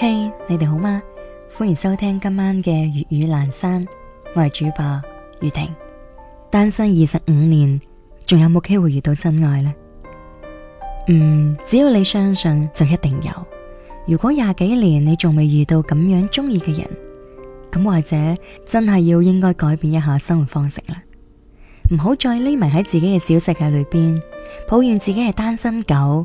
嘿，hey，你哋好嗎？歡迎收聽今晚嘅粵語闌珊，我係主播雨婷。單身二十五年，仲有冇機會遇到真愛呢？嗯，只要你相信就一定有。如果廿幾年你仲未遇到咁樣鍾意嘅人，咁或者真係要應該改變一下生活方式啦。唔好再匿埋喺自己嘅小世界裏邊，抱怨自己係單身狗，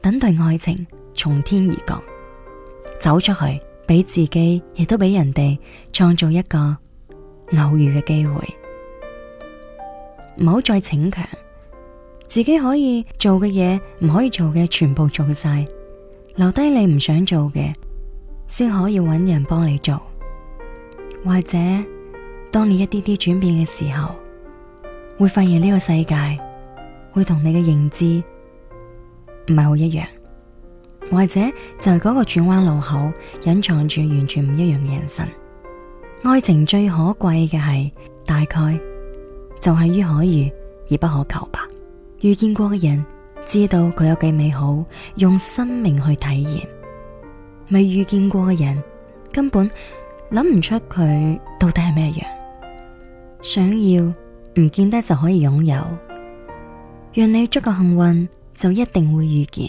等待愛情從天而降。走出去，俾自己，亦都俾人哋創造一個偶遇嘅機會。唔好再逞強，自己可以做嘅嘢，唔可以做嘅全部做晒，留低你唔想做嘅，先可以揾人幫你做。或者當你一啲啲轉變嘅時候，會發現呢個世界會同你嘅認知唔係好一樣。或者就係嗰個轉彎路口，隱藏住完全唔一樣嘅人生。愛情最可貴嘅係，大概就係於可遇而不可求吧。遇見過嘅人，知道佢有幾美好，用生命去體驗；未遇見過嘅人，根本諗唔出佢到底係咩樣。想要唔見得就可以擁有，若你足夠幸運，就一定會遇見。